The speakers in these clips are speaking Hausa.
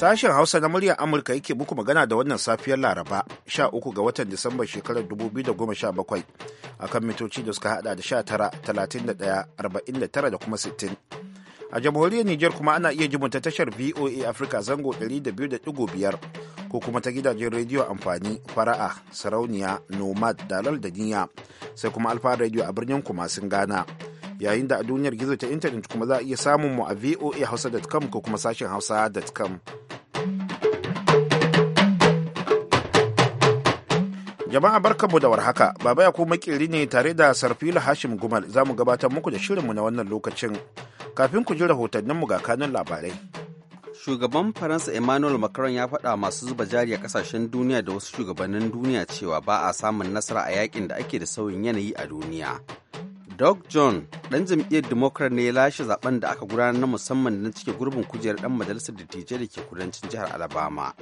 Sashen Hausa na muryar Amurka yake muku magana da wannan safiyar Laraba 13 ga watan Disamba shekarar 2017 kan mitoci da suka hada da 19, 31, 49 da kuma 60. A jamhuriyar Nijar kuma ana iya jimunta tashar VOA Africa zango 200.5 ko kuma ta gidajen rediyo amfani fara'a sarauniya nomad dalal da niya sai kuma alfa rediyo a birnin kuma sun gana yayin da a duniyar gizo ta intanet kuma za a iya samun mu a voa hausa.com ko kuma sashen hausa.com Jama'a barkanmu da warhaka, Baba ya kuma kiri ne tare da Sarfila Hashim Gumal za mu gabatar muku da shirinmu na wannan lokacin. Kafin ku ji rahotanninmu ga kanun labarai. Shugaban Faransa Emmanuel Macron ya faɗa masu zuba jari a kasashen duniya da wasu shugabannin duniya cewa ba a samun nasara a yakin da ake da sauyin yanayi a duniya. Doug John, ɗan jam'iyyar Democrat ne ya lashe zaben da aka gudanar na musamman na cike gurbin kujerar ɗan majalisar dattijai da ke kudancin jihar Alabama.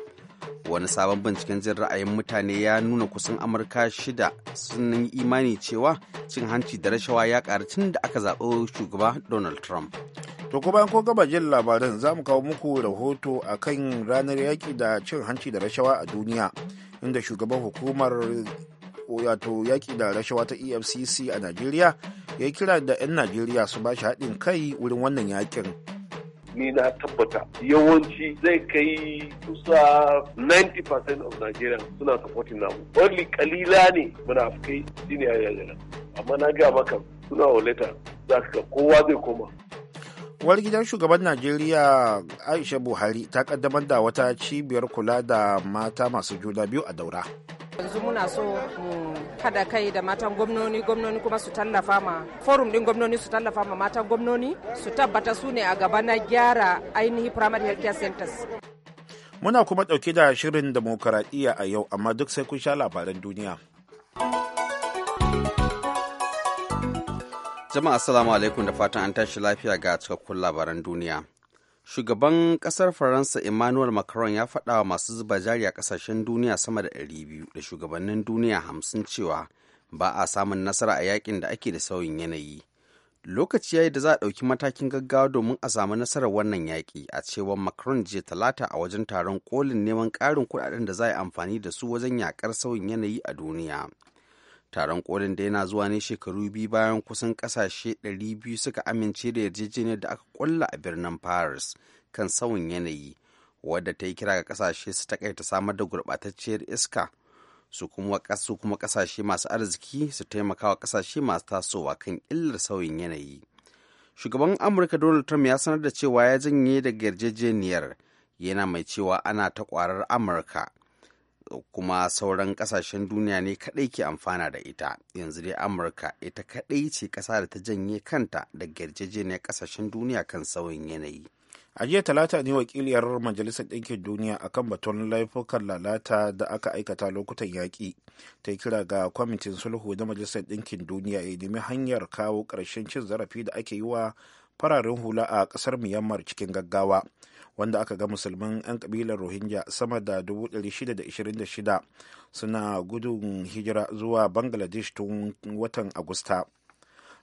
wani sabon binciken jin ra'ayin mutane ya nuna kusan amurka shida sun yi imani cewa cin hanci da rashawa ya ƙaru tun da aka zaɓi shugaba donald trump to ko bayan ko gaba jin labaran za mu kawo muku rahoto a kan ranar yaƙi da cin hanci da rashawa a duniya inda shugaban hukumar wato yaƙi da rashawa ta efcc a najeriya ya kira da 'yan najeriya su ba shi haɗin kai wurin wannan yaƙin ni na tabbata yawanci zai kai kusa 90% of Nigerians suna supporting namu. Only kalila ne muna kai shine a Amma na ga maka suna wa za ka kowa zai koma. uwar gidan shugaban najeriya aisha buhari ta kaddamar da wata cibiyar kula da mata masu juna biyu a daura yanzu muna so mu kada kai da matan gwamnoni gwamnoni kuma su tallafa ma forum din gwamnoni su tallafa ma matan gwamnoni su tabbata su ne a gaba na gyara ainihi primary health care centers muna kuma ɗauke da shirin demokaradiyya a yau amma duk sai kun sha labaran duniya jama'a assalamu alaikum da fatan an tashi lafiya ga cikakkun labaran duniya shugaban ƙasar faransa emmanuel macron ya faɗa wa masu zuba jari a ƙasashen duniya sama da 200 da shugabannin duniya 50 cewa ba a samun nasara a yakin da ake da sauyin yanayi lokaci ya yi da za a ɗauki matakin gaggawa domin a samu nasarar wannan yaƙi a cewar macron jiya talata a wajen taron kolin neman ƙarin kuɗaɗen da za a yi amfani da su wajen yaƙar sauyin yanayi a duniya taron kolin da yana zuwa ne shekaru biyu bayan kusan kasashe 200 suka amince da yarjejeniyar da aka kulla a birnin paris kan sauyin yanayi wadda ta yi kira ga kasashe su takaita samar da gurbatacciyar iska su kuma kasashe masu arziki su taimaka wa kasashe masu tasowa kan illar sauyin yanayi shugaban amurka donald trump ya sanar da cewa ya janye daga yarjejeniyar yana mai cewa ana ta kwarar amurka kuma sauran kasashen duniya ne kadai ke amfana da ita yanzu dai amurka ita kadai ce ƙasa da ta janye kanta daga yarjejeniyar kasashen duniya kan sauyin yanayi a jiya talata ne wakiliyar majalisar ɗinkin duniya akan batun laifukan lalata da aka aikata lokutan yaƙi ta kira ga kwamitin sulhu na majalisar ɗinkin duniya ya nemi hanyar kawo ƙarshen cin zarafi da ake yi wa fararen hula a ƙasar myanmar cikin gaggawa wanda aka ga musulman 'yan kabilar rohingya sama da 626 suna gudun hijira zuwa bangladesh tun watan agusta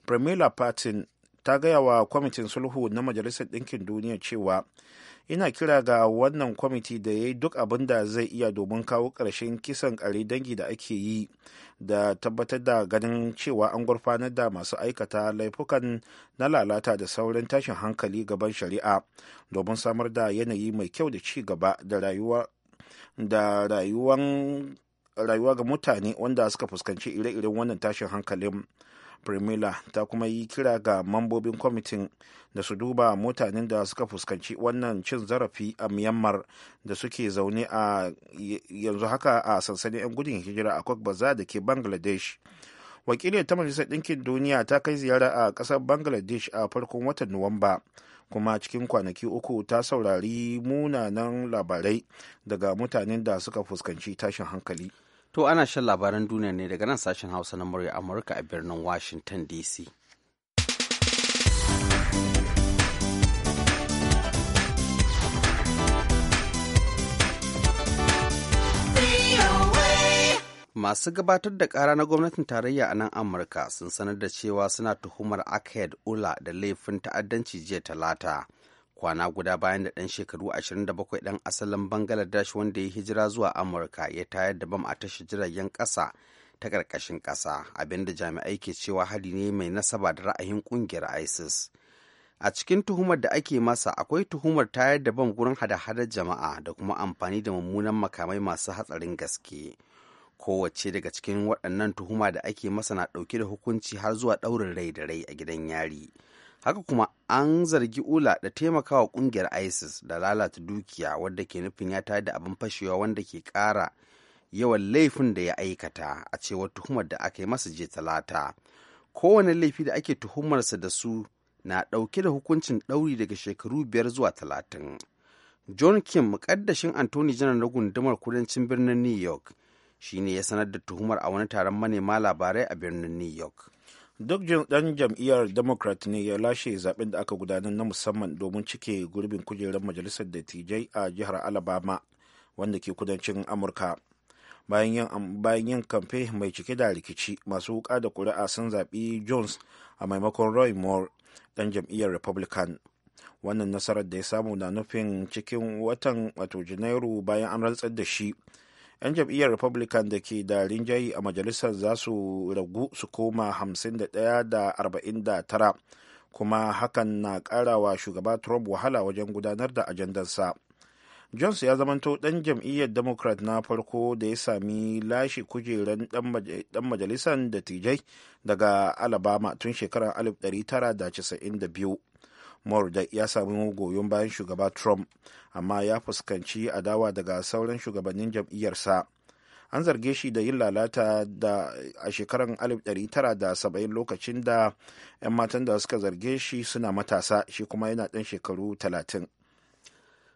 premier patin ta gaya wa kwamitin sulhu na majalisar ɗinkin duniya cewa ina kira ga wannan kwamiti da ya yi duk abin da zai iya domin kawo ƙarshen kisan ƙare dangi da ake yi da tabbatar da ganin cewa an gurfanar da masu aikata laifukan na lalata da sauran tashin hankali gaban shari'a domin samar da yanayi mai kyau da ci gaba da rayuwa da rayuwan rayuwa ga mutane wanda suka fuskanci ire-iren wannan tashin hankalin primila ta kuma yi kira ga mambobin kwamitin da su duba mutanen da suka fuskanci wannan cin zarafi a myanmar da suke zaune a yanzu haka a sansanin 'yan gudun hijira a cox bazar da ke bangladesh wakilin ta majalisar ɗinkin duniya ta kai ziyara a ƙasar bangladesh a farkon watan nuwamba kuma cikin kwanaki uku ta saurari munanan labarai daga mutanen da suka fuskanci tashin hankali To ana shan labaran duniya ne daga nan sashen Hausa na murya Amurka a birnin Washington DC. Masu gabatar da ƙara na gwamnatin tarayya a nan Amurka sun sanar da cewa suna tuhumar Akhed Ula da laifin ta'addanci jiya talata. kwana guda bayan da ɗan shekaru 27 ɗan asalin bangaladesh wanda ya hijira zuwa amurka ya tayar da bam a tashi jiragen ƙasa ta ƙarƙashin ƙasa abinda jami'ai ke cewa hari ne mai nasaba da ra'ayin ƙungiyar isis a cikin tuhumar da ake masa akwai tuhumar tayar da bam gurin hada-hadar jama'a da kuma amfani da mummunan makamai masu hatsarin gaske kowace daga cikin waɗannan tuhuma da ake masa na ɗauke da hukunci har zuwa ɗaurin rai da rai a gidan yari haka kuma an zargi ula da taimakawa kungiyar isis da lalata dukiya wadda ke nufin ya da abin fashewa wanda ke ƙara yawan laifin da ya aikata a cewar tuhumar da aka yi masa je talata kowane laifi da ake tuhumarsa da su na ɗauke da hukuncin ɗauri daga shekaru biyar zuwa talatin john kim mukaddashin anthony janar na gundumar kudancin birnin new york shine ya sanar da tuhumar a wani taron manema labarai a birnin new york duk dan jam'iyyar democrat ne ya lashe zaben da aka gudanar na musamman domin cike gurbin kujerar majalisar dattijai a jihar alabama wanda ke kudancin amurka bayan yin kamfe mai cike da rikici masu wuka da kuri'a sun zaɓi jones a maimakon roy moore dan jam'iyyar republican wannan nasarar da ya samu na nufin cikin watan wato janairu bayan an rantsar da shi 'yan jam'iyyar republican da ke da rinjayi a majalisar za su ragu su koma 51 da 49 kuma hakan na karawa shugaba trump wahala wajen gudanar da ajandarsa jones ya zamanto dan jam'iyyar democrat na farko da ya sami lashe kujerar dan majalisar dattijai daga alabama tun shekarar 1992 murdoch ya samu goyon bayan shugaba trump amma ya fuskanci adawa daga sauran shugabannin jam'iyyarsa an zarge shi da yin lalata da a shekarar 1970 lokacin da 'yan matan da suka zarge shi suna matasa shi kuma yana ɗan shekaru 30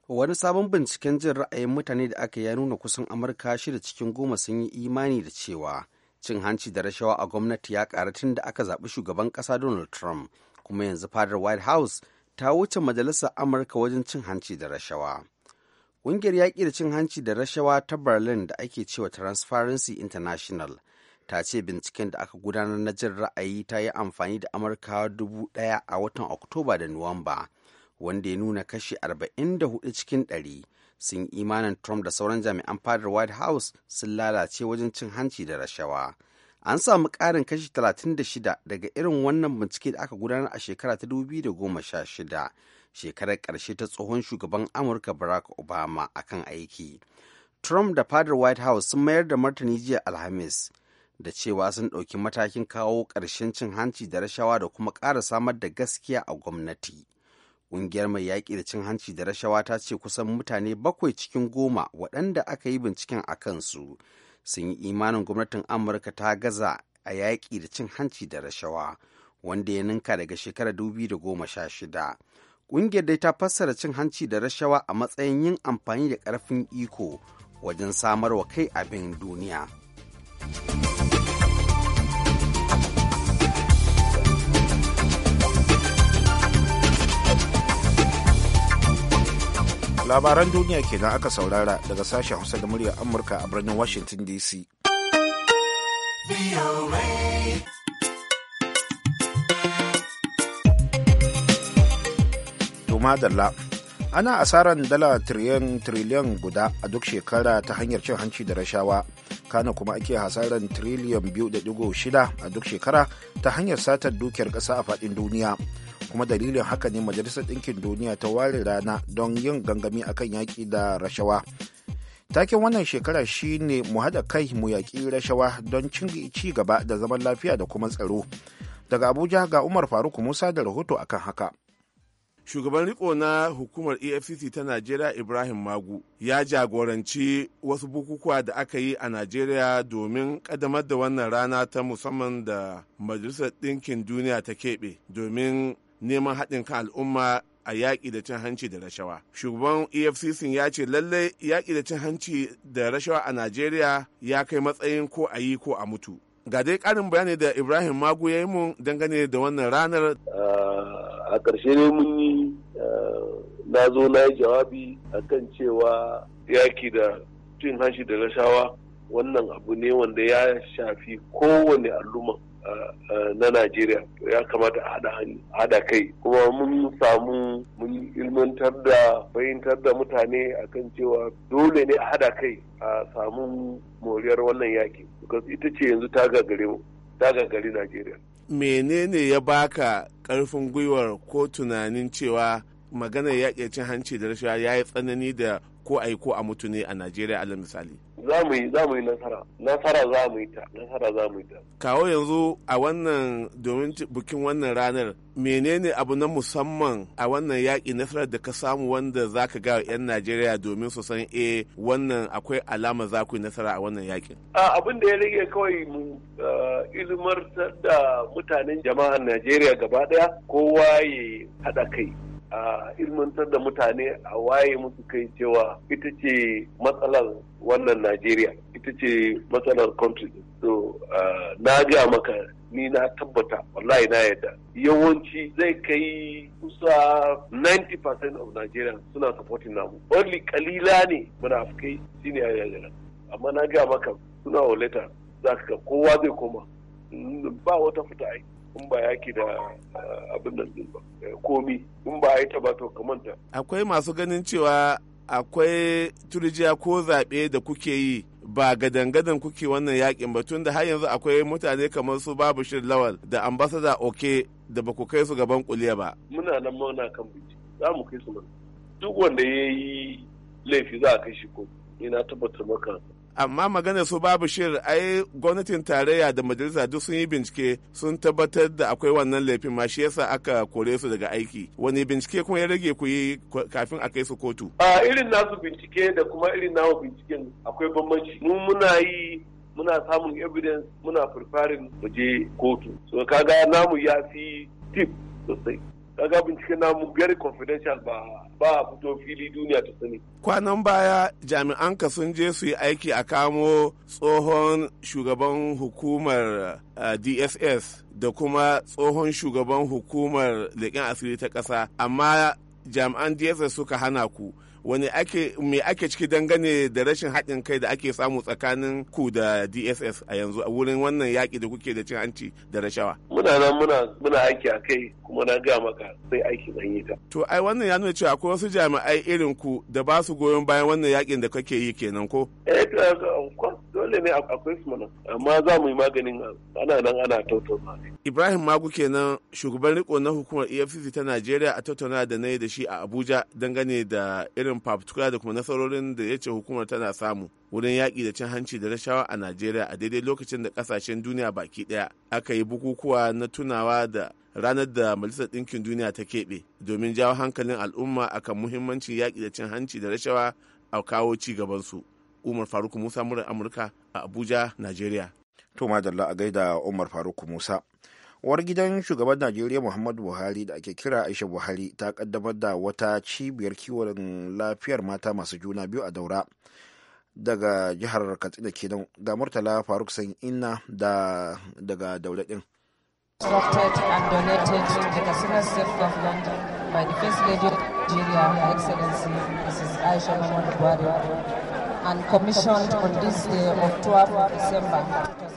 wani sabon binciken jin ra'ayin mutane da aka ya nuna kusan amurka shida cikin goma sun yi imani da cewa cin hanci da rashawa a gwamnati ya ƙara da aka zaɓi shugaban ƙasa donald trump kuma yanzu fadar white house ta wuce majalisar amurka wajen cin hanci da rashawa ƙungiyar yaƙi da cin hanci da rashawa ta berlin da ake cewa transparency international ta ce binciken da aka gudanar na jin ra'ayi ta yi amfani da amurka dubu ɗaya a watan oktoba da nuwamba wanda ya nuna kashi arba'in da hudu cikin 100 sun imanin trump da sauran jami'an fadar white house sun lalace wajen cin hanci da rashawa. an samu ƙarin kashi 36 daga irin wannan bincike da aka gudanar a shekara ta 2016 shekarar ƙarshe ta tsohon shugaban amurka barack obama a kan aiki trump da fadar white house sun mayar da martani jiya alhamis da cewa sun ɗauki matakin kawo ƙarshen cin hanci da rashawa da kuma ƙara samar da gaskiya a gwamnati ƙungiyar mai yaƙi da cin hanci da rashawa ta ce kusan mutane bakwai cikin goma waɗanda aka yi binciken a kansu sun yi imanin gwamnatin amurka ta gaza a yaƙi da cin hanci da rashawa wanda ya ninka daga shekarar shida ƙungiyar dai ta fassara cin hanci da rashawa a matsayin yin amfani da ƙarfin iko wajen samarwa kai abin duniya labaran duniya kenan aka saurara daga sashen hausa da muryar amurka a birnin washington dc madalla ana asaran dala triliyan triliyan guda a duk shekara ta hanyar cin hanci da rashawa kana kuma ake hasaran triliyan biyu da digo shida a duk shekara ta hanyar satar dukiyar ƙasa a faɗin duniya kuma dalilin haka ne majalisar ɗinkin duniya ta ware rana don yin gangami akan yaƙi da rashawa taken wannan shekara shine mu haɗa kai mu yaƙi rashawa don ci gaba da zaman lafiya da kuma tsaro daga abuja ga umar faruk musa da rahoto akan haka shugaban riko na hukumar efcc ta najeriya ibrahim magu ya jagoranci wasu bukukuwa da aka yi a najeriya domin kadamar da wannan rana ta musamman da majalisar ɗinkin duniya ta keɓe domin neman haɗin kan al'umma a yaƙi da cin hanci da rashawa. Shugaban EFCC ya ce lallai yaƙi da cin hanci da rashawa a Najeriya ya kai matsayin ko a yi ko a mutu. Ga dai ƙarin bayani da Ibrahim Magu ya yi mun dangane da wannan ranar. A ƙarshe ne mun yi eh, na zo na yi jawabi a kan cewa yaƙi da cin hanci da rashawa wannan abu ne wanda ya shafi kowane al'umma na Najeriya ya kamata a hada kai kuma mun samu mun ilmantar da fahimtar da mutane akan cewa dole ne a hada kai a samu moriyar wannan yaki ita ce yanzu ta gagare mu ta gagari Najeriya. Menene ya baka karfin gwiwar ko tunanin cewa maganar yaƙi cin hanci da rashawa ya yi tsanani da ko a yi ko a mutu ne a najeriya alal misali za mu yi za mu yi nasara nasara za mu yi ta nasara za mu yi ta kawo yanzu a wannan domin bikin wannan ranar menene abu na musamman a wannan yaƙi nasarar da ka samu wanda za ka ga 'yan najeriya domin su san e wannan akwai alama za ku yi nasara a wannan yaƙin abin da ya rage kawai mu ilmar da mutanen jama'ar najeriya gaba ɗaya kowa ya haɗa kai a ilmantar da mutane a waye musu kai cewa ita ce matsalar wannan Najeriya ita ce matsalar country so na ga maka ni na tabbata wallahi na yadda yawanci zai kai kusa 90% of Najeriya suna supporting namu only kalila ne muna kai shine ayyana amma na ga maka suna leta za ka kowa zai koma ba wata fita aiki in ba yaki da eh, abin nan ba eh, komi in ba ya ta ba to kamanta akwai masu ganin cewa akwai turjiya ko zaɓe da kuke yi ba gadan-gadan kuke wannan yakin ba tun da har yanzu akwai mutane kamar su babu shirin lawal da ambasada oke da ba ku kai su gaban kuliya ba. Muna nan mauna kan biki za mu kai su mana. Duk wanda ya yi laifi za a kai shi ko ina tabbatar maka amma maganar su babu shir ai gwamnatin tarayya da majalisa duk sun yi bincike sun tabbatar da akwai wannan laifin ma shi yasa aka kore su daga aiki wani bincike kuma ya rage ku yi kafin a kai su kotu a irin nasu bincike da kuma irin namu binciken akwai bambanci mu muna yi muna samun evidence muna preparing mu je kotu so kaga namu ya fi tip sosai kaga binciken namu very confidential ba ba fito fili duniya ta sani kwanan baya jami'an ka sun je su yi aiki a kamo tsohon shugaban hukumar eh, dss da kuma tsohon shugaban hukumar leƙen asiri ta ƙasa amma jami'an dss suka hana ku wani ake me ake ciki dangane da rashin haɗin kai da ake samu tsakanin ku da DSS a yanzu a wurin wannan yaƙi da kuke da cin hanci da rashawa. Muna nan muna muna aiki a kai kuma na ga maka sai aiki zan yi ta. To ai wannan ya nuna cewa akwai wasu jami'ai irin ku da ba su goyon bayan wannan yaƙin da kake yi kenan ko? Eh dole ne akwai su mana amma za mu yi maganin ana nan ana tattauna. Ibrahim Magu kenan shugaban riko na hukumar EFCC ta Najeriya a tattauna da na yi da shi a Abuja dangane da irin irin fafutuka da kuma nasarorin da ya ce hukumar tana samu wurin yaƙi da cin hanci da rashawa a najeriya a daidai lokacin da ƙasashen duniya baki ɗaya aka yi bukukuwa na tunawa da ranar da majalisar ɗinkin duniya ta keɓe domin jawo hankalin al'umma akan muhimmancin yaƙi da cin hanci da rashawa a kawo ci gabansu umar faruk musa murar amurka a abuja najeriya to madalla a gaida umar faruk musa uwar gidan shugaban najeriya muhammadu buhari da ake kira aisha buhari ta kaddamar da wata cibiyar kiwon lafiyar mata masu juna biyu a daura daga jihar katsina kenan ga murtala faruk san inna da daga dauladin. by the First Lady of Nigeria, Her Excellency Mrs. Aisha Muhammad Buhari. and commissioned on this day of 12 December.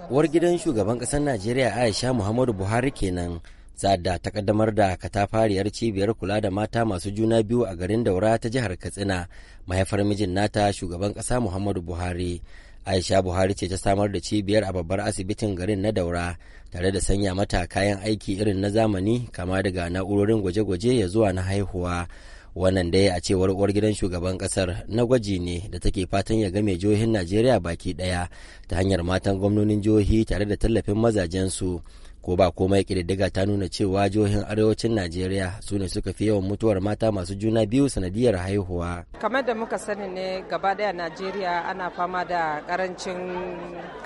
Uwar gidan shugaban ƙasar Najeriya Aisha Muhammadu Buhari kenan da ta kaddamar da katafariyar cibiyar kula da mata masu juna biyu a garin Daura ta jihar Katsina mahaifar mijin nata shugaban ƙasa Muhammadu Buhari. Aisha Buhari ce ta samar da cibiyar a babbar asibitin garin na Daura tare da sanya mata kayan aiki irin na zamani kama daga na'urorin gwaje-gwaje ya zuwa na haihuwa. wannan dai a cewar uwar gidan shugaban kasar na gwaji ne da take fatan ya game jihohin najeriya baki daya ta hanyar matan gwamnonin jihohi tare da tallafin mazajensu ko ba komai kididdiga ta nuna cewa jihohin arewacin najeriya su ne suka fi yawan mutuwar mata masu juna biyu sanadiyar haihuwa kamar da muka sani ne gaba daya najeriya ana fama da karancin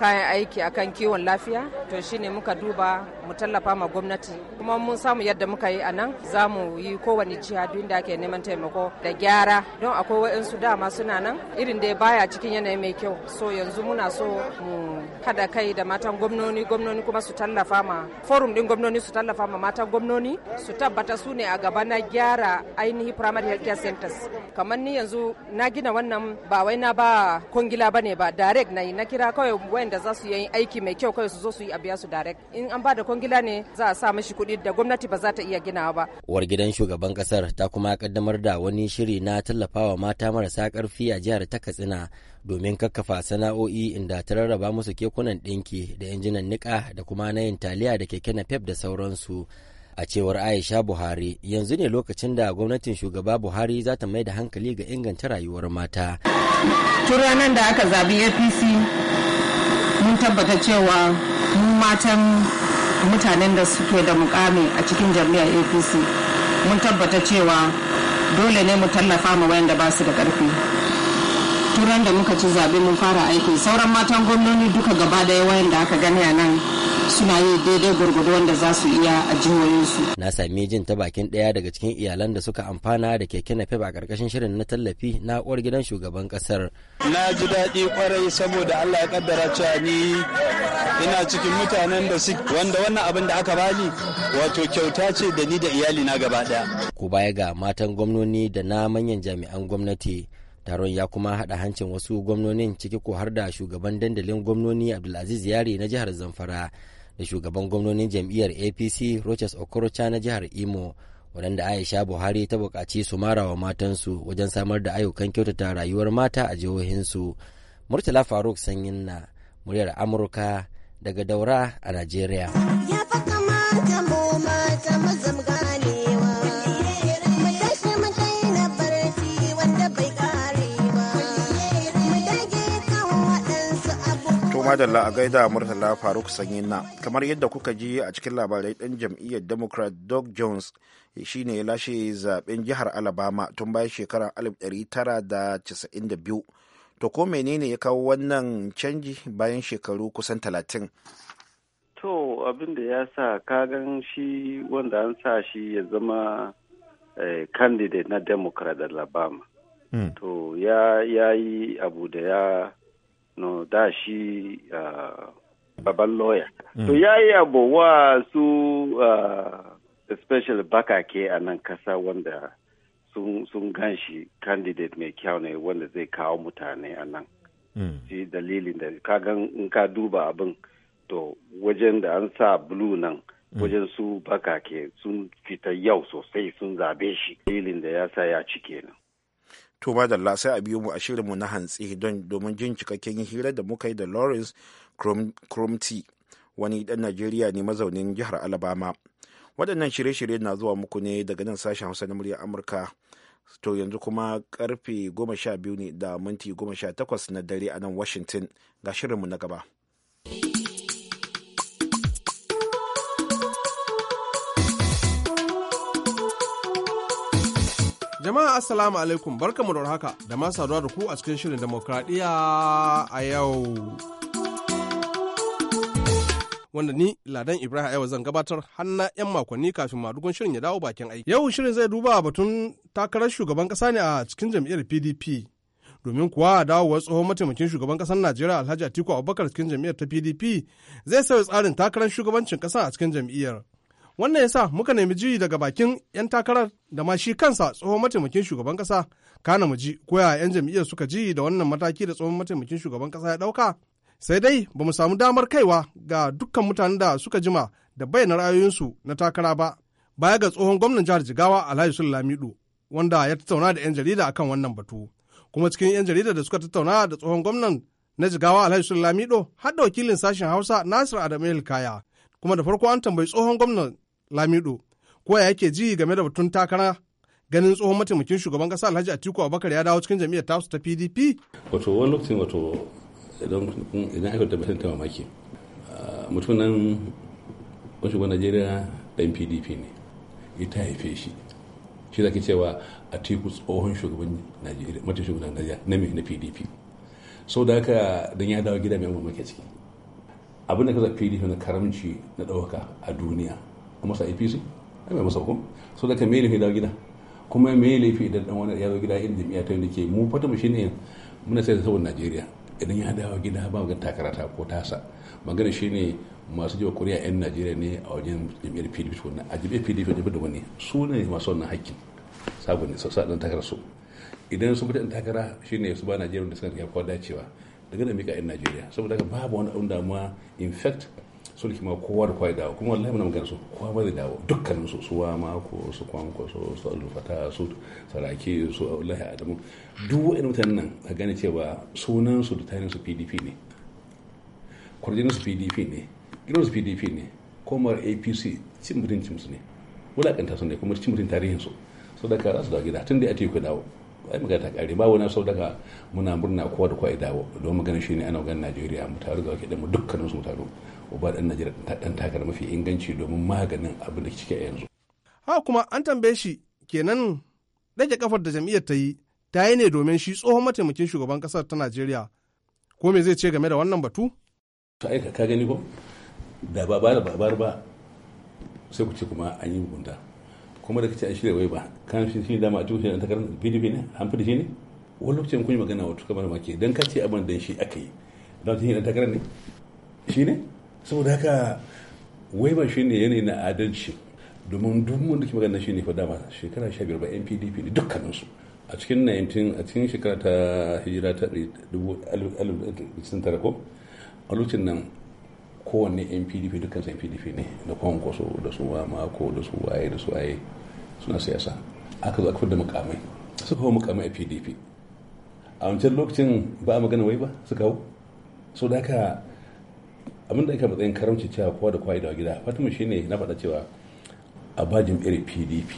kayan aiki akan kiwon lafiya to shine muka duba mu tallafa ma gwamnati kuma mun samu yadda muka yi anan zamu za mu yi kowane jiha duk da ake neman taimako da gyara don akwai wa'insu dama suna nan irin da baya cikin yanayi mai kyau so yanzu muna so mu kada kai da matan gwamnoni gwamnoni kuma su tallafa ma forum din gwamnoni su tallafa ma matan gwamnoni su tabbata su ne a gaba na gyara ainihi primary health care centers kamar ni yanzu na gina wannan ba wai na ba kungila bane ba direct na yi na kira kawai wayanda za su yi aiki mai kyau kawai su zo su yi a biya su direct in an ba da kungila ne za a sa mishi kuɗi da gwamnati ba za ta iya ginawa ba uwar gidan shugaban kasar ta kuma kaddamar da wani shiri na tallafawa mata marasa karfi a jihar ta katsina domin kakkafa sana'o'i inda ta rarraba musu kekunan ɗinki da injinan niƙa da kuma na yin taliya da keke napep da sauransu a cewar aisha buhari yanzu ne lokacin da gwamnatin shugaba buhari za ta mai da hankali ga inganta rayuwar mata tun ranar da aka zabi apc mun tabbata cewa mu matan mutanen da suke da mukami a cikin jami'ar apc mun tabbata cewa dole ne mu tallafa ma wayanda ba su da karfi turan da muka ci zaɓe mun fara aiki sauran matan gwamnoni duka gaba daya wayan da aka gani a nan suna yi daidai gwargwado wanda za su iya a jihohinsu. Na sami jin ta bakin ɗaya daga cikin iyalan da suka amfana da keke napep a ƙarƙashin shirin na tallafi na uwar gidan shugaban ƙasar. Na ji daɗi kwarai saboda Allah ya kaddara cewa ni ina cikin mutanen da su wanda wannan abin da aka bani wato kyauta ce da ni da iyalina na gaba ɗaya. Ku baya ga matan gwamnoni da na manyan jami'an gwamnati taron ya kuma haɗa hancin wasu gwamnonin ciki ko har da shugaban dandalin gwamnoni abdulaziz yari na jihar zamfara da shugaban gwamnonin jam'iyyar apc rochas okorocha na jihar imo wadanda aisha buhari ta bukaci su mara wa matansu wajen samar da ayyukan kyautata rayuwar mata a jihohinsu murtala faruk sanyin na muryar amurka daga daura a najeriya ya madalla a gaida murtala faruk na kamar yadda kuka ji a cikin labarai ɗan jam'iyyar democrat doug jones shine ya lashe zaben jihar alabama tun bayan shekarar 1992 to ko menene ya kawo wannan canji bayan shekaru kusan 30 to abin da ya sa kagan shi wanda an sa shi ya zama eh, candidate na democrat alabama hmm. to ya yi abu da ya no da shi uh, babban lawyer mm. to ya yi abu wa su uh, special bakake a nan kasa wanda sun gan shi candidate mai kyau ne wanda zai kawo mutane a nan mm. shi dalilin da ka gan in ka duba abin to wajen da an sa blue nan mm. wajen su bakake sun fita yau sosai sun zabe shi dalilin da ya sa ya ci kenan To madalla sai a biyo mu a shirinmu na hantsi don domin jin cikakken hira da muka yi da Lawrence Cromty wani dan Najeriya ne mazaunin jihar Alabama. Waɗannan shirye-shirye na zuwa muku ne daga nan sashen Hausa na muryar Amurka. To yanzu kuma karfe goma sha biyu ne da minti goma sha takwas na dare a nan Washington ga shirinmu na gaba. Jama'a Assalamu alaikum barkamu da haka da ma saduwa da ku a cikin shirin demokradiyya a yau. Wanda ni Ladan Ibrahim yau zan gabatar hanna 'yan makonni kafin madugun shirin ya dawo bakin aiki. Yau shirin zai duba batun takarar shugaban kasa ne a cikin jam'iyyar PDP. domin kuwa dawowar tsohon mataimakin shugaban kasar Najeriya Alhaji Atiku Abubakar cikin jam'iyyar ta PDP zai sauya tsarin takarar shugabancin kasa a cikin jam'iyyar. wannan ya sa muka nemi juyi daga bakin 'yan takarar da ma shi kansa tsohon mataimakin shugaban kasa kana mu ji ko ya 'yan jam'iyyar suka ji da wannan mataki da tsohon mataimakin shugaban kasa ya dauka. sai dai ba mu samu damar kaiwa ga dukkan mutanen da suka jima da bayyana ra'ayoyinsu na takara ba baya ga tsohon gwamnan jihar jigawa alhaji sulamido wanda ya tattauna da 'yan jarida akan wannan batu kuma cikin 'yan jarida da suka tattauna da tsohon gwamnan na jigawa alhaji sulamido har da wakilin sashen hausa nasir adamu kaya kuma da farko an tambayi tsohon gwamnan lamido ko ya yake ji game da batun takara ganin tsohon mataimakin shugaban kasa alhaji atiku abubakar ya dawo cikin jam'iyyar tasu ta pdp wato wani lokacin wato idan aka tabbatar ta mamaki ah, mutum nan wani shugaban najeriya dan pdp ne ita haife shi shi zaki cewa atiku tsohon shugaban najeriya mata shugaban najeriya na mai na pdp sau da haka don ya dawo gida mai mamaki ciki abin da ka pdp na karamci na ɗauka a duniya a masa apc ai mai masa hukum so da ka me laifi dawo gida kuma mai laifi idan dan wani ya zo gida irin jami'a ta yadda ke mu fata mu ne muna sai da saboda najeriya idan ya dawo gida ba ga takara ta ko tasa magana ne masu jiwa kuriya 'yan najeriya ne a wajen jami'ar pdp wannan a jami'ar pdp da da wani su ne masu wannan hakkin sabon ne sassa dan takarar su idan su fita takara ne su ba najeriya da suka kawo dacewa daga da mika 'yan najeriya saboda babu wani damuwa in fact sulki ma kowa da kowa ya dawo kuma wallahi muna magana su kowa ba zai dawo dukkanin su suwa mako su kwanko su su alfata su sarake su wallahi adamu duk wani mutanen nan ka gane cewa sunan su da tarin su pdp ne kwarjinin su pdp ne gidan su pdp ne kuma apc cin mutuncin su ne wulakanta su ne kuma cin mutuncin tarihin su sau da ka za su dawo gida tun da ya ce ku dawo ai magana ta kare ba wani sau daga muna murna kowa da kowa ya dawo don magana shi ne ana ganin najeriya mu taru ga wakil mu dukkanin su mu taru uba dan najeriya dan takara mafi inganci domin maganin abin da cike yanzu haka kuma an tambaye shi kenan ɗage kafar da jam'iyyar ta yi ta yi ne domin shi tsohon mataimakin shugaban kasar ta najeriya ko me zai ce game da wannan batu ta aika ka gani ko da ba ba babar ba sai ku ce kuma an yi mugunta kuma da kace an shirya wai ba kan shi shi dama a shi an takarar PDP ne an fi shi ne wani lokacin kun yi magana wato kamar ma ke dan kace abin da shi aka yi dan shi dan takarar ne shi ne saboda haka wai ba shi ne yanayi na adalci domin duk mun da ke magana shi ne fa dama shekara sha biyar ba npdp ne dukkaninsu a cikin 19 a cikin shekara ta hijira ta 1999 a lokacin nan kowanne npdp dukkan sa npdp ne da kwan kwaso da su wa mako da su waye da su waye suna siyasa aka zo aka da mukamai suka hau mukamai a pdp a wancan lokacin ba a magana wai ba suka hau so da haka abin da ake matsayin karamci cewa kowa da kowa da gida fatima ne na faɗa cewa a bajin irin pdp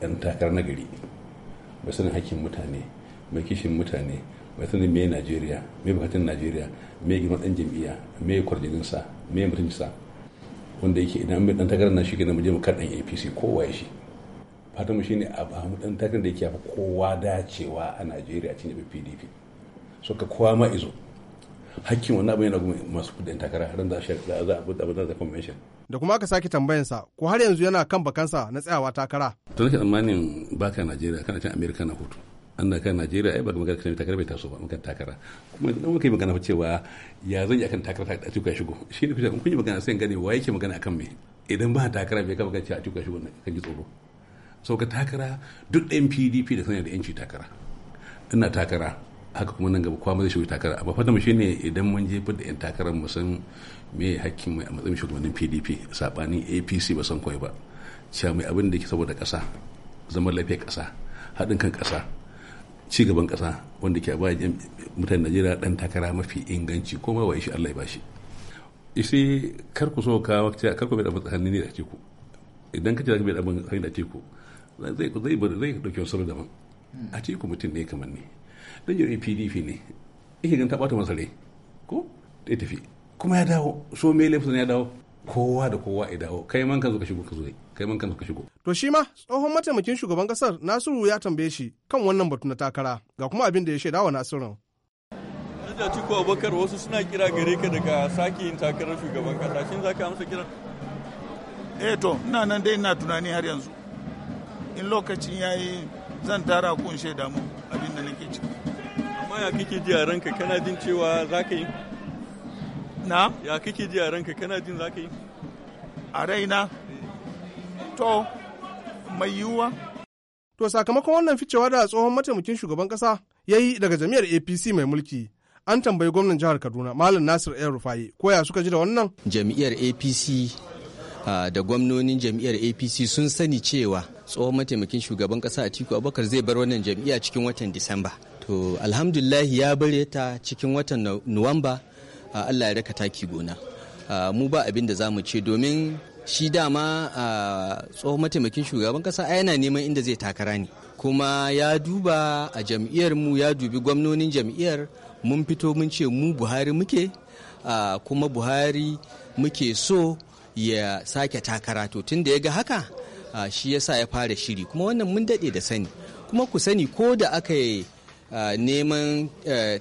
ɗan takar nagari mai sanin hakkin mutane mai kishin mutane mai sanin mai najeriya mai bukatun najeriya mai girman ɗan jam'iyya mai kwarjininsa mai mutuncinsa wanda yake idan mai ɗan takarar na shi gina muje mu kaɗan apc kowa ya shi fatima ne a ba mu ɗan takarar da yake kowa dacewa a najeriya a cikin pdp so ka kowa ma izo hakkin wannan abin yana gumi masu kudin takara ran za a za a buɗe abin da convention da kuma aka sake sa ko har yanzu yana kan bakansa na tsayawa takara to nake tsammanin baka Najeriya kana cin America na hutu an da kan Najeriya ai ba magana kan takara bai taso ba magana takara kuma idan muka yi magana fa cewa ya zan yi akan takara ta tuka shigo shi ne kun yi magana sai gane wa yake magana akan me idan ba takara bai kama kan a tuka shigo kan ji tsoro sau ka takara duk ɗan PDP da sanya da yanci takara ina takara haka kuma nan gaba zai shigo takara amma fata mu ne idan mun je da yan takarar mu san me hakkin mai a matsayin shugabannin PDP sabanin APC ba san kawai ba cewa mai abin da ke saboda kasa zaman lafiyar kasa haɗin kan kasa ci gaban kasa wanda ke ba mutanen Najeriya dan takara mafi inganci ko ma wa shi Allah ya bashi isi kar ku so ka wakta kar ku bai da tsakanin ne da teku idan ka ce ka bai da abin da teku zai zai zai dauke wasu daban hmm. a teku mutum ne kamar ne dan jari pdp ne yake gan ta bata masa rai ko ya tafi kuma ya dawo so me laifin ya dawo kowa da kowa ya dawo kai man kanzu ka shigo ka zo kai man kanzu ka shigo to shi ma tsohon mataimakin shugaban kasar nasiru ya tambaye shi kan wannan batu na takara ga kuma abin da ya shaidawa nasiru da ko Abubakar wasu suna kira gare ka daga sake yin takarar shugaban kasa shin za ka amsa kiran eh to ina nan dai ina tunani har yanzu in lokacin yayi zan tara kun shaida mu abin da nake ciki amma ya kike ji a ranka kana jin cewa za ka yi na ya kike ji a ranka kana jin za ka yi a raina to mai yiwuwa to sakamakon wannan ficewa da tsohon mataimakin shugaban kasa ya yi daga jami'ar apc mai mulki an tambayi gwamnan jihar kaduna malam nasir el rufai ya suka ji da wannan jami'ar apc ah, da gwamnonin jami'ar apc sun sani cewa tsohon mataimakin shugaban kasa atiku abubakar zai bar wannan jam'ia cikin watan disamba to alhamdulillah ya bare ta cikin watan nuwamba allah ya raka taki gona mu ba abin da za mu ce domin shi dama a tsohon mataimakin shugaban kasa yana neman inda zai takara ne kuma ya duba a jam'iyyar mu ya dubi gwamnonin jam'iyyar mun fito mun ce mu buhari muke kuma buhari muke so ya sake takara to tun da ya ga haka shi yasa ya fara shiri kuma wannan mun daɗe da sani kuma ku sani ko da aka neman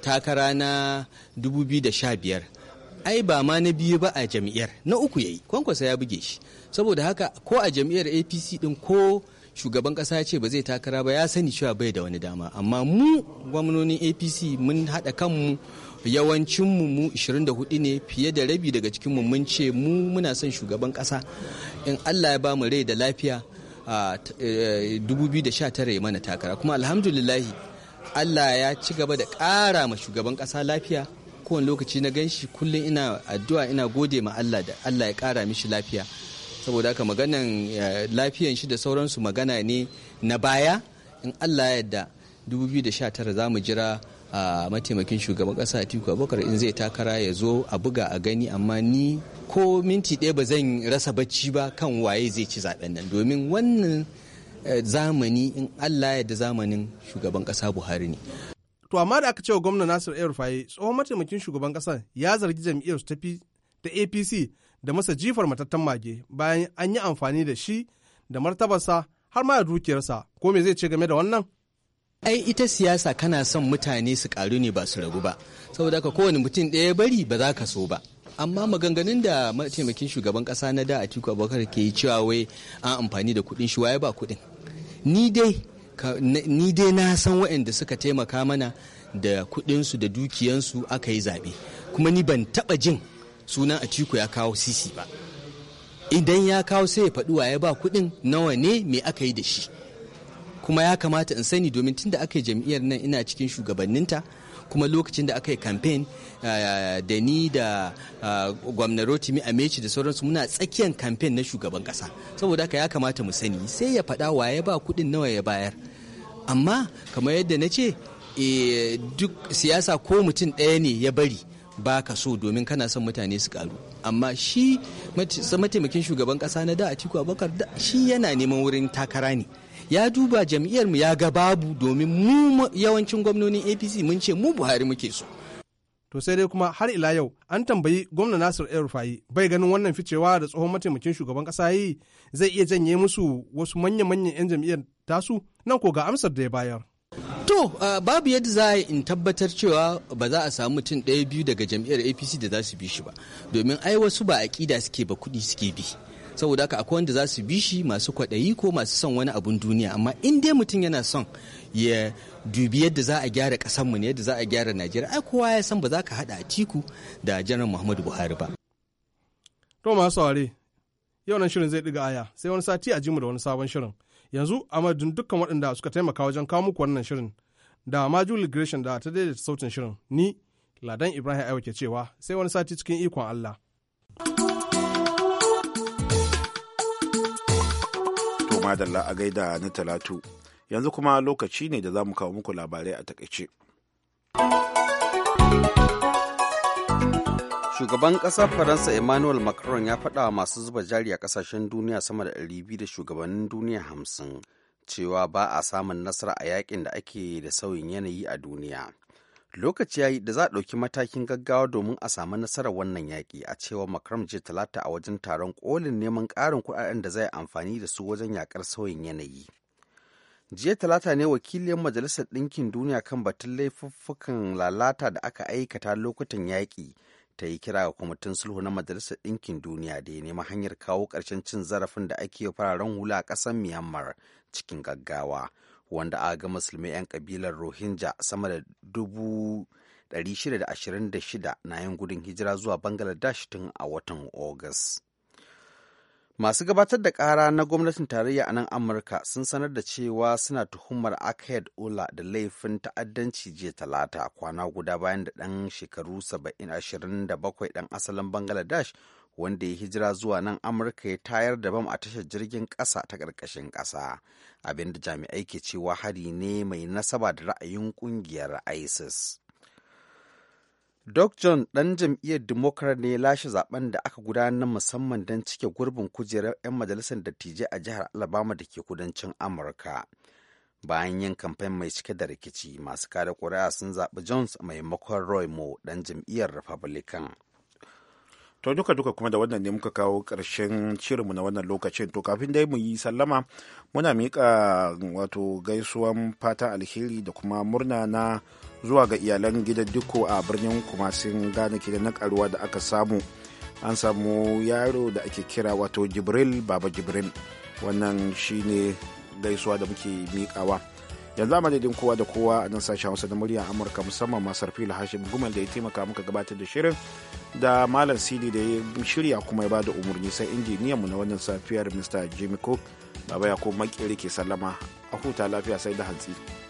takara na 2015 ai ba ma na biyu ba a jam'iyyar na uku yayi kwankwasa ya buge shi saboda haka ko a jam'iyyar apc din ko shugaban kasa ya ce ba zai takara ba ya sani cewa bai da wani dama amma mu gwamnonin apc mun haɗa kanmu yawancinmu mu 24 ne fiye da rabi daga cikinmu mun ce mu muna son shugaban kasa in allah ya ba mu rai da lafiya a 2019 e, e, mana takara kuma alhamdulillahi Allah ya ci gaba da ƙara ma shugaban ƙasa lafiya kowane lokaci na ganshi kullum ina addu'a ina gode ma Allah da Allah ya ƙara mishi lafiya saboda haka maganan eh, lafiyan shi da sauransu magana ne na baya in Allah ya yarda 2019 za mu jira a mataimakin shugaban ƙasa Atiku Abubakar in zai takara ya zo a buga a gani amma ni ko minti ɗaya ba zan rasa bacci ba kan waye zai ci zaben nan domin wannan Eh, zamani in Allah ya da zamanin shugaban kasa Buhari ne. To amma da aka cewa gwamna Nasir El Rufai tsohon mataimakin shugaban kasa ya zargi jam'iyyar su tafi da APC da masa jifar matattan mage bayan an yi amfani da shi da martabarsa har ma da dukiyarsa ko me zai ce game da wannan? ai ita siyasa kana son mutane su karu ne ba su ragu ba saboda ka kowane mutum ɗaya bari ba za ka so ba amma maganganun da mataimakin shugaban kasa na da atiku abubakar ke yi cewa wai an amfani da kuɗin shi waye ba kuɗin ni dai na san waɗanda suka taimaka mana da kuɗinsu da dukiyansu aka yi zaɓe kuma ni ban taɓa jin sunan atiku ya kawo sisi ba idan ya kawo sai ya faɗi waye ba kuɗin nawa ne me aka yi da shi kuma ya kamata in sani domin tun da aka yi jam'iyyar nan ina cikin shugabanninta kuma lokacin da aka yi kamfen eh, da ni da eh, gwamnati rotimi meci da sauransu muna tsakiyar kamfen na shugaban kasa saboda haka ya kamata mu sani sai ya faɗa ya ba kuɗin nawa ya bayar amma kamar yadda na ce eh, duk siyasa ko mutum ɗaya ne ya bari ba ka so domin kana son mutane su karu amma shi mataimakin shugaban kasa na da atiku abubakar shi yana neman wurin takara ne ya duba jam'iyyar mu ya ga babu domin mu yawancin gwamnonin apc mun ce mu buhari muke so to sai dai kuma har ila yau an tambayi gwamna nasir el rufai bai ganin wannan ficewa da tsohon mataimakin shugaban kasa yi zai iya janye musu wasu manya-manyan 'yan jam'iyyar tasu nan ko ga amsar da ya bayar To, babu yadda za a in tabbatar cewa ba za a samu mutum ɗaya biyu daga jam'iyyar APC da za su bi shi ba, domin ai wasu ba aƙida suke ba kuɗi suke bi. saboda haka akwai wanda za su bi shi masu kwaɗayi ko masu son wani abun duniya amma in dai mutum yana son ya dubi yadda za a gyara mu ne yadda za a gyara najeriya ai kowa ya san ba za ka haɗa atiku da janar muhammadu buhari ba to masu saurare yau nan shirin zai ɗiga aya sai wani sati a jimu da wani sabon shirin yanzu a madadin dukkan waɗanda suka taimaka wajen kawo muku wannan shirin da majuli gresham da ta daidaita sautin shirin ni ladan ibrahim aiwa ke cewa sai wani sati cikin ikon allah madalla a gaida na talatu yanzu kuma lokaci ne da za mu kawo muku labarai a takaice. Shugaban ƙasar Faransa Emmanuel Macron ya faɗa wa masu zuba jari a ƙasashen duniya sama da 200 da shugabannin duniya hamsin cewa ba a samun nasara a yakin da ake da sauyin yanayi a duniya. lokaci ya yi da za a ɗauki matakin gaggawa domin a samu nasarar wannan yaƙi a cewa makaram jiya talata a wajen taron kolin neman ƙarin kuɗaɗen da zai amfani da su wajen yaƙar sauyin yanayi jiya talata ne wakilin majalisar ɗinkin duniya kan batun laifuffukan lalata da aka aikata lokutan yaƙi ta yi kira ga kwamitin sulhu na majalisar ɗinkin duniya da ya nema hanyar kawo ƙarshen cin zarafin da ake fararen hula a ƙasar myanmar cikin gaggawa wanda a ga musulmi 'yan kabilar rohingya sama da 626 na yin gudun hijira zuwa bangaladesh tun a watan august masu gabatar da kara na gwamnatin tarayya a nan amurka sun sanar da cewa suna tuhumar akhed ula da laifin ta'addanci jiya talata kwana guda bayan da ɗan shekaru 27 ɗan asalin bangladesh wanda ya hijira zuwa nan amurka ya tayar da bam a tashar jirgin ƙasa ta ƙarƙashin ƙasa abinda jami'ai ke cewa hari ne mai nasaba da ra'ayin ƙungiyar isis Doc John ɗan jam'iyyar Democrat ne lashe zaben da aka gudanar musamman don cike gurbin kujerar 'yan majalisar dattijai a jihar Alabama da ke kudancin Amurka. Bayan yin kamfen mai cike da rikici, masu kada ƙuri'a sun zaɓi Jones maimakon Roy Moore ɗan jam'iyyar Republican. to duka duka kuma da wannan ne muka kawo ƙarshen shirinmu na wannan lokacin to kafin dai mu yi sallama muna miƙa wato gaisuwan fata alheri da kuma murna na zuwa ga iyalan gidan dukko a birnin kumasin gane ke na karuwa da aka samu an samu yaro da ake kira wato jibril baba jibril wannan shine gaisuwa da muke miƙawa yanzu a madadin kowa da kowa a nan sashen hausa da murya amurka musamman masar fila hashim gumal da ya taimaka muka gabatar da shirin da malam sidi da ya shirya kuma ya bada umarni sai injiniyan mu na wannan safiyar mr jimmy cook baba ya ko makere ke sallama a huta lafiya sai da hantsi.